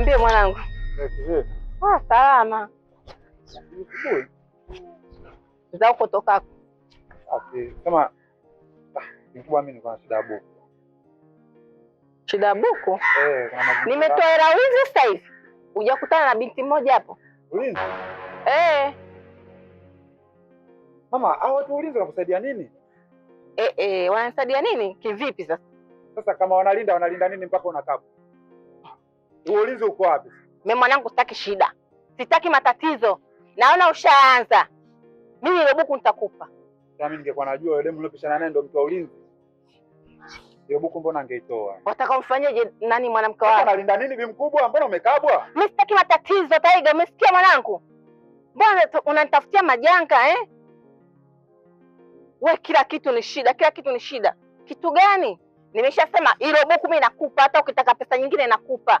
Niambie mwanangu. Ah, salama. Za uko toka. Okay, kama ah, mkubwa mimi niko na shida buku. Shida buku? Eh, nimetoa hela wizi sasa hivi. Hujakutana na binti mmoja hapo? Ulinzi? Eh. Mama, hao watu ulinzi wanakusaidia nini? Eh, eh, wanasaidia nini? Kivipi sasa? Sasa kama wanalinda wanalinda nini mpaka unakabwa? Uulize uko wapi? Mimi mwanangu, sitaki shida, sitaki matatizo. Naona ushaanza. Mimi ile buku nitakupa. Sasa mimi ningekuwa najua yule demu nilopishana naye ndo mtu wa ulinzi. Ile buku mbona angeitoa? Wataka umfanyeje nani mwanamke wako? Analinda nini bi mkubwa? Mbona umekabwa? Mimi sitaki matatizo, Taiga, umesikia mwanangu? Mbona unanitafutia majanga eh? We kila kitu ni shida, kila kitu ni shida. Kitu gani? Nimeshasema ile buku mimi nakupa, hata ukitaka pesa nyingine nakupa.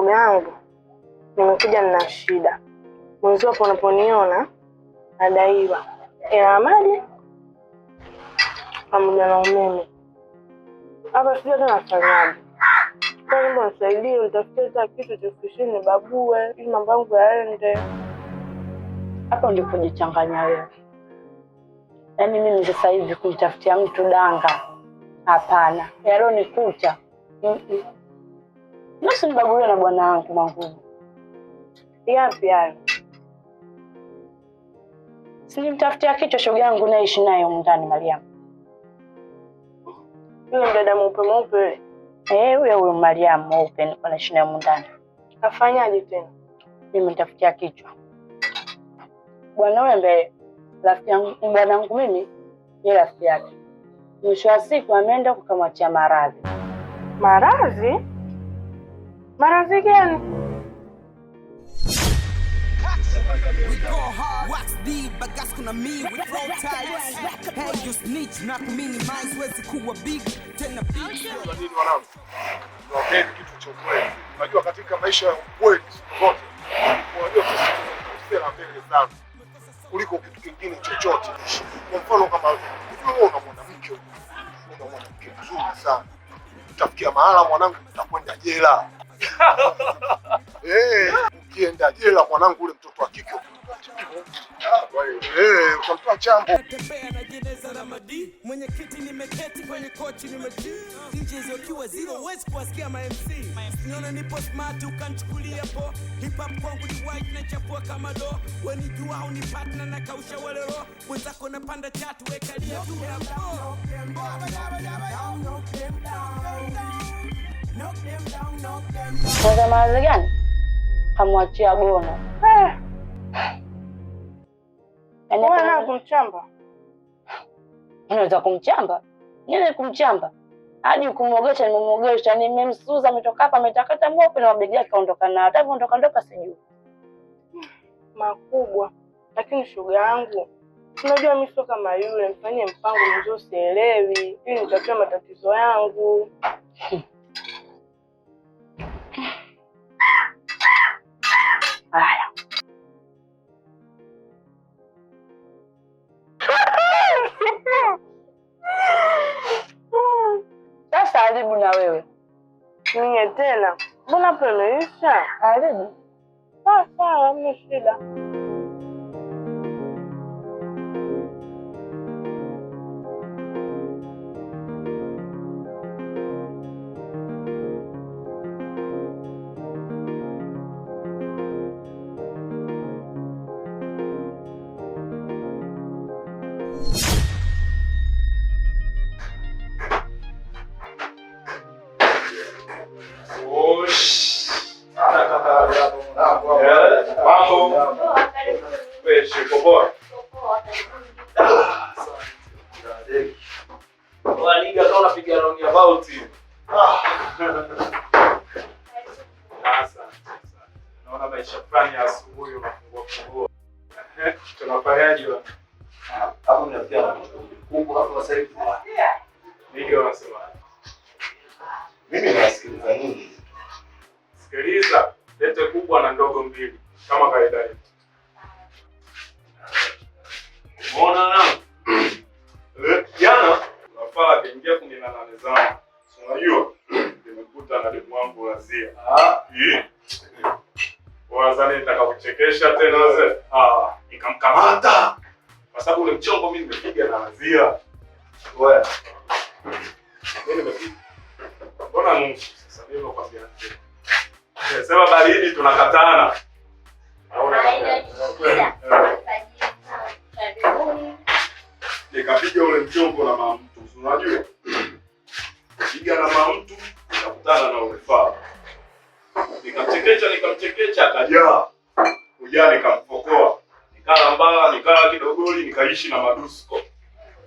shoga yangu, nimekuja nina shida. Mwenzio hapo unaponiona nadaiwa hela ya maji pamoja na umeme hapa, sijui hata nafanyaje. Naomba unisaidie, unitafutie hata kitu chofikishini babue ili mambo yangu yaende. Hapo ndipo kujichanganya wewe. Yaani mimi sasa hivi kumtafutia mtu danga, hapana. Yalonikuta Usinibagulie na bwana wangu Magumu. Yapi hayo? Silimtafutia kichwa shoga yangu naishi nayo ndani Mariamu. Yule mdada mweupe mweupe. Eh, huyo huyo Mariamu mweupe niko naishi nayo ndani. Kafanyaje tena? Mimi kichwa. Bwana wewe mbele. Rafiki yangu bwana wangu mimi ni rafiki yake. Mwisho wa siku ameenda kukamwatia maradhi. Maradhi? Marafikeni kitu cha ukweli. Unajua, katika maisha ya ukweli zote unajua mbele sana kuliko kitu kingine chochote. Kwa mfano, kama wewe una mwanamke una mwanamke mzuri sana, utafikia mahala mwanangu, utakwenda jela Eh, ukienda jela mwanangu, ule mtoto wa kike utamtoa chambo. Natembea na jeneza la madi, mwenyekiti nimeketi kwenye kochi nimeji, nje zikiwa zero, huwezi kuwasikia ma MC. Niona nipo smart, ukanichukulia po. Hip hop kwangu ni white na chapua kama do, wenijua au ni partner na kausha wale roho, wenzako napanda chatu, wekalia tu kwanza mawazo gani? Kamwachia gono eh. yaani kumchamba, unaweza kumchamba nini? Kumchamba hadi kumwogesha, nimemwogesha, nimemsuza, ametoka hapa, ametakata mope na mabegi yake, kaondoka na hata ondoka ndoka sijui makubwa. Lakini shoga yangu, unajua mimi sio kama yule, mfanyie mpango mzuri, sielewi ili nitatua matatizo yangu Aya. Ta sa di moun a wewe? Moun e tela. Moun a prele yisa. A, re di? Ta sa, moun e tela. A, re di? Mungu hakuwasaliti mimi nawasikiliza nyinyi. Sikiliza lete kubwa na ndogo mbili kama kaida yetu. Umeona na jana nafaa kaingia kumi na nane zangu. Unajua nimekuta na demu wangu Razia. Ah, wazani nitakakuchekesha tena wewe. Ah, nikamkamata kwa sababu ule mchongo mimi nimepiga na wazia. Wewe. Mimi nimepiga. Mbona nusu sasa mimi nakwambia. Sema baridi tunakatana. Nikapiga ule mchongo na mamtu, unajua? Piga na mamtu nikakutana na ule faa. Nikamchekecha nikamchekecha akajaa. Ujaa nikampokoa nikaa nikaa Kidogoli, nikaishi na Madusko.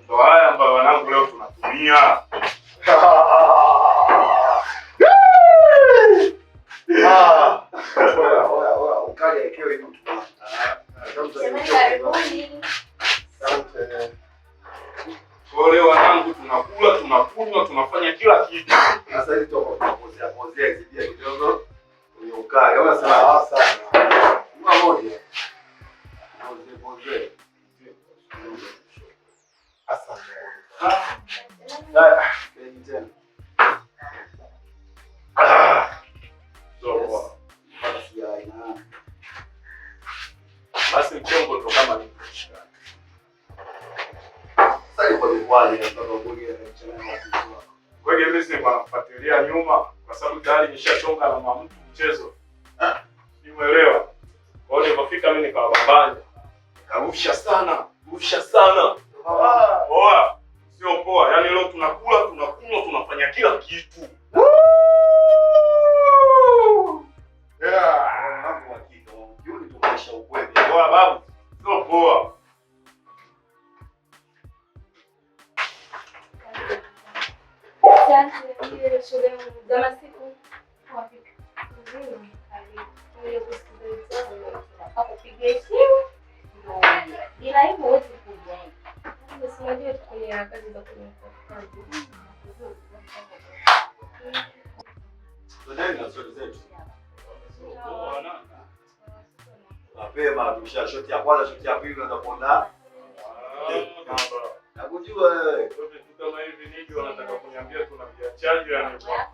Ndo haya ambayo wanangu leo tunatumia. Ah. Wegemeze wanafuatilia nyuma kwa sababu tayari nishachonga na mamtu mchezo. Nimeelewa. Kwa hiyo nilipofika mimi nikawabambanya. Nikarusha sana, rusha sana. Poa. Sio poa. Yaani leo tunakula, tunakunywa, tunafanya kila kitu. Mapema tumesha shoti ya kwanza, shoti ya pili, unaenda kuona ah, eh, nakujua wewe kama hivi nini wanataka kuniambia tuna viachaji yani kwa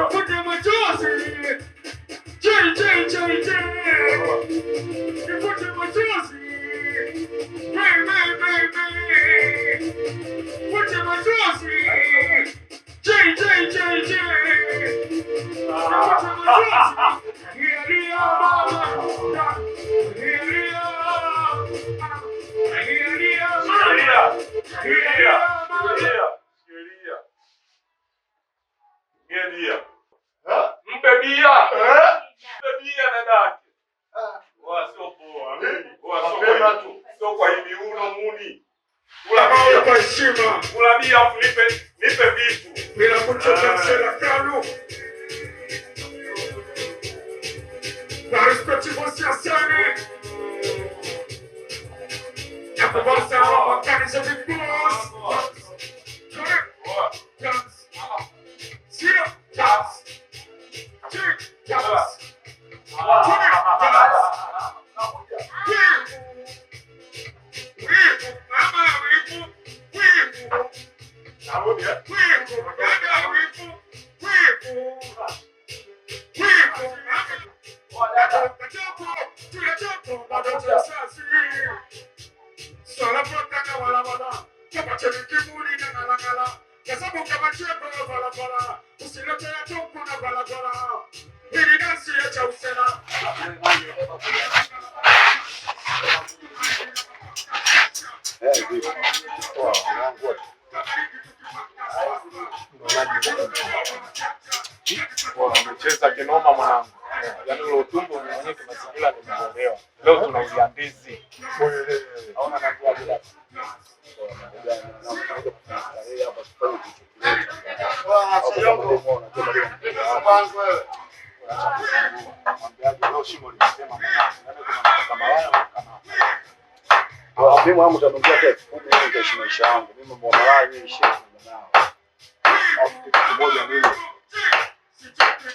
Ah. Chelsea! J, J, J, J! You put in my Chelsea! ao Felipe. utumbo unaonyesha mazingira yamejiondolewa. Leo tunauza ndizi. Mimi wangu tanukia hata kumi nitaishi maisha yangu mimi, mbona wao nyinyi shida nao. kitu kimoja mimi Texas.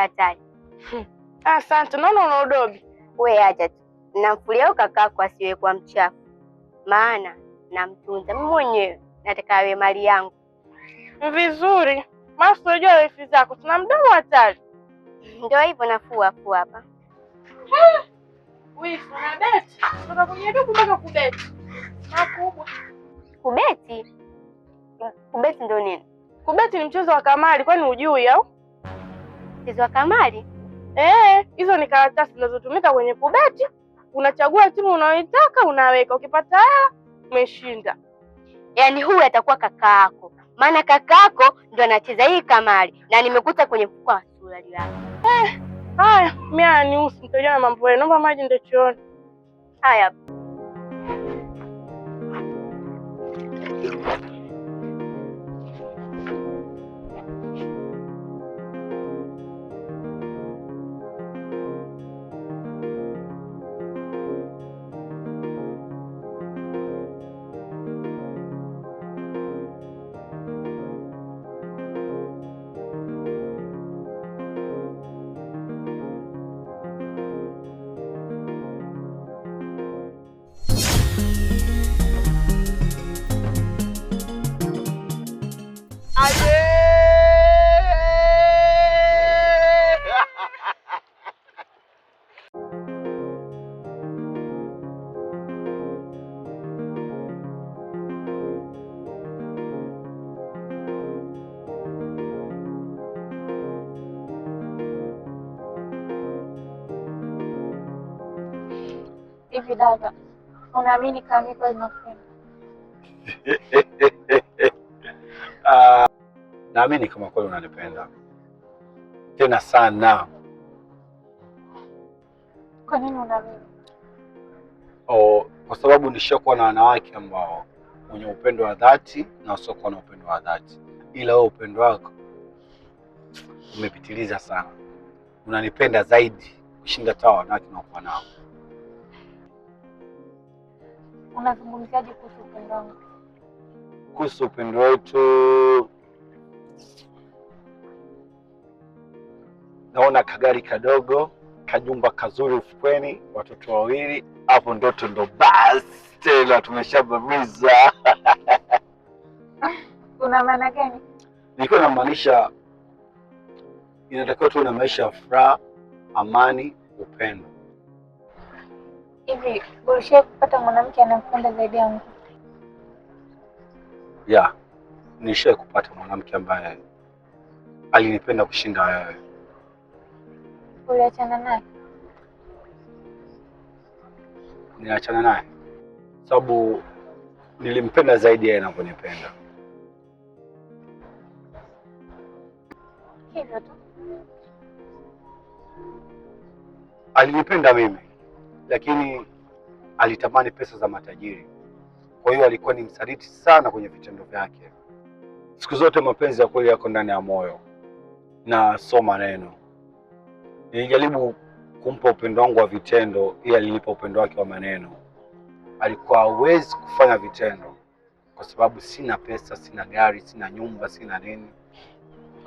maisha hatari. Hmm. Asante. Naona una udobi we, acha tu. Namfulia kakako asiwe kwa mchafu, maana namtunza mimi mwenyewe, nataka awe mali yangu. Vizuri, maana tunajua wefi zako, tuna mdomo hatari. Ndio hivyo, nafua fu hapa kwenye duku kubeti Kubeti kubeti nini? Kubeti ni mchezo wa kamari, kwani hujui au? Ziwa kamari hizo, ni karatasi zinazotumika kwenye kubeti. Unachagua timu unayoitaka unaweka, ukipata hela umeshinda. Yaani huyu atakuwa kakaako maana kakaako ndo anacheza hii kamari na nimekuta kwenye mfuko wa suruali lako. Eh, haya mimi aniusi mambo yenu. Naomba maji ndio chooni. Haya. Hivi dada, unaamini Uh, naamini kama kweli unanipenda tena sana. Kwa nini unaamini? Oh, kwa sababu nishakuwa na wanawake ambao wenye upendo wa dhati na wasiokuwa na upendo wa dhati, ila wewe upendo wako umepitiliza sana, unanipenda zaidi kushinda tawa wanawake naokuwa nao unazungumziaje kuhusu upendo wangu? Kuhusu upendo wetu, naona kagari kadogo, kajumba kazuri ufukweni, watoto wawili, hapo ndoto ndo basi tena, tumeshabamiza. Una maana gani? Nilikuwa namaanisha inatakiwa tuwe na maisha ya furaha, amani, upendo Hivi ulishia kupata mwanamke anampenda zaidi yangu? Yeah, nilishia kupata mwanamke ambaye alinipenda kushinda wewe. Uliachana naye? Niliachana naye sababu nilimpenda zaidi yeye anavyonipenda. Hivyo tu alinipenda mimi lakini alitamani pesa za matajiri. Kwa hiyo alikuwa ni msaliti sana kwenye vitendo vyake. Siku zote mapenzi ya kweli yako ndani ya moyo na so maneno. Nilijaribu kumpa upendo wangu wa vitendo, ili alinipa upendo wake wa maneno. Alikuwa hawezi kufanya vitendo kwa sababu sina pesa, sina gari, sina nyumba, sina nini.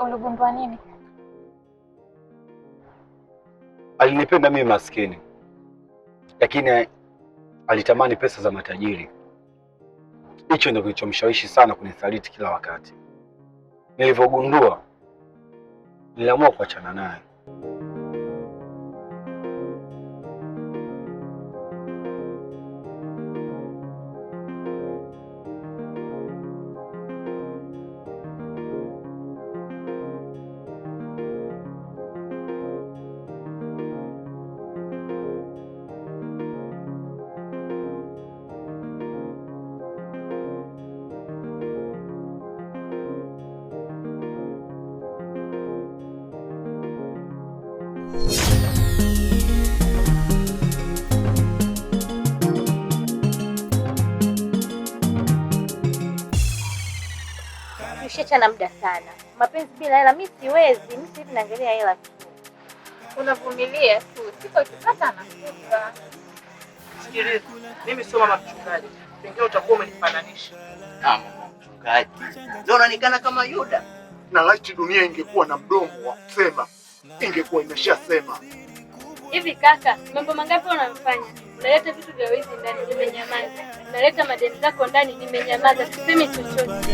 Uligundua nini? Alinipenda mimi maskini lakini alitamani pesa za matajiri. Hicho ndio kilichomshawishi sana kunisaliti kila wakati. Nilivyogundua, niliamua kuachana naye. tushachana muda sana. Mapenzi bila hela mimi siwezi, mimi sivi naangalia hela tu. Unavumilia tu, siku ikipata nakufa. Sikiliza, mimi soma mama mchungaji, pengine utakuwa umenifananisha ah, mama mchungaji. Ndio unaonekana kama Yuda, na laiti dunia ingekuwa na mdomo wa kusema ingekuwa imeshasema. Hivi kaka, mambo mangapi unamfanya? Unaleta vitu vya wizi ndani, nimenyamaza. Unaleta madeni zako ndani, nimenyamaza, sisemi chochote.